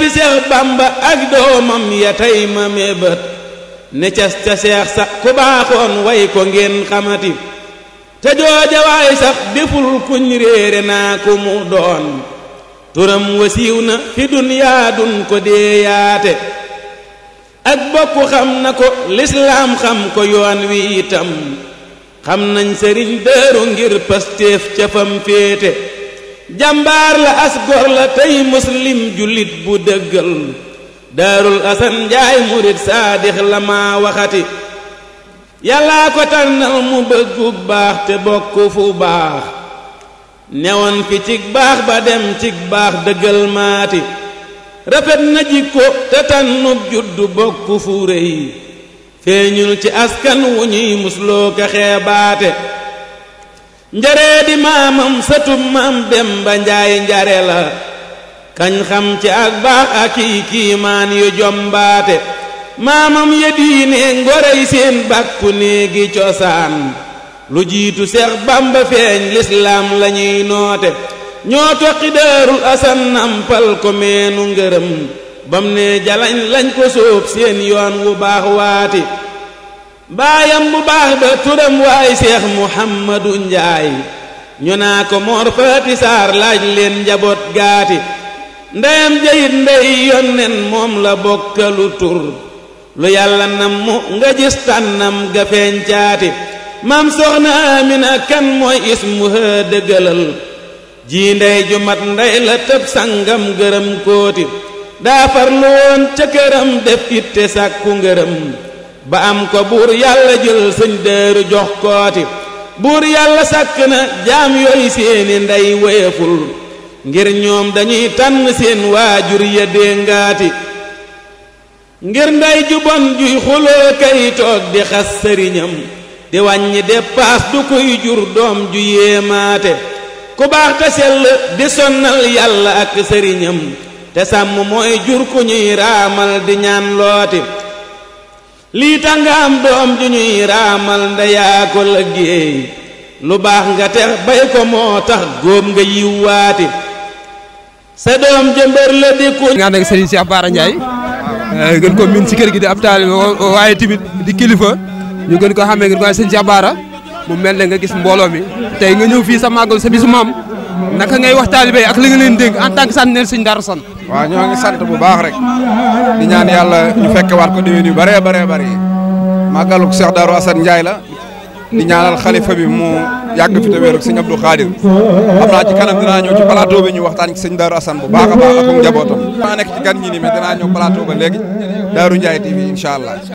bi Seex Bamba ak doomam ya tey ma ne cas ca seex sax way ko ngeen xamati te jooja sax deful kuñ réere naa ku mu doon turam wasiiw na fi dunyaa dun ko dee ak bokk xam na ko lislaam xam ko yoon wi itam xam nañ sëriñ dëru ngir pastéef ca jàmbaar la as gor la tey muslim jullit bu dëggal daarul asan njaay murit saadix la maa waxati yàllaa ko tànnal mu bëggu baax te bokk fu baax newoon fi cig baax ba dem cig baax dëggal maati rafet na jikko te tànnub juddu bokk fu rëy feeñul ci askan wu ñuy musloo ka xeebaate njare di maamam sëtum maam Demba Njaay njare la kañ xam ci ak baax ak i kiimaan yu jombaate maamam ya diine ngorey seen bàkku néegi cosaan lu jiitu Seex Bamba feeñ lislaam lañuy noote ñoo toqi daarul asan nampal ko meenu ngërëm bam ne jalañ lañ ko sóob seen yoon wu baax waati baayam bu baax ba turam waay seex muhammadu njaay ñu naa ko moor faati laaj leen njaboot gaati ndeyam jayit ndey yonnen moom la bokkalu tur lu yàlla nam mu nga gis tànnam ga caati maam soxna amina kan mooy ismu haa dëggalal jii ndey ju mat la tëb sangam gërëm kooti daa farlu woon ca def itte sàkku ngërëm ba am ko buur yàlla jël sëñ dëeru jox kooti buur yàlla sàkk na jaam yooyu seeni ndey woyeful ngir ñoom dañuy tànn seen waajur ya déngaati ngir ndey ju bon juy xuloo kay toog di xas sëriñam di wàññi dépaas du koy jur doom ju yéemaate ku baax te sell di sonnal yàlla ak sëriñam te sàmm mooy jur ku ñuy raamal di ñaan looti lii tax nga am doom ju ñuy raamal ndeyaa ko lëggéey lu baax nga tex bay ko moo tax góom nga yiw waati sa doom jëmbër la di ku nga ànd ak Serigne Cheikh Bara Ndiaye gën ko min ci kër gi di ab taalibe waaye tamit di kilifa ñu gën ko xamee gën ko Serigne Cheikh Bara mu mel ne nga gis mbooloo mi tey nga ñëw fii sa màggal sa bisu maam naka ngay wax taalibe ak li nga leen dénk en tant que sant neen suñ Darou Assane waa ñoo ngi sant bu baax rek di ñaan yàlla ñu fekke waat ko déwén yu bëree bëree bëri màggaluk Cheikh Darou Assane Ndiaye la di ñaanal xalifa bi mu yàgg fi te wéeru sëñ Abdou Khadir xam naa ci kanam dinaa ñëw ci ñu waxtaan ci sëñ Darou Assane bu baax a baax ak njabootam. maa nekk ci ba léegi Darou Ndiaye TV incha allah.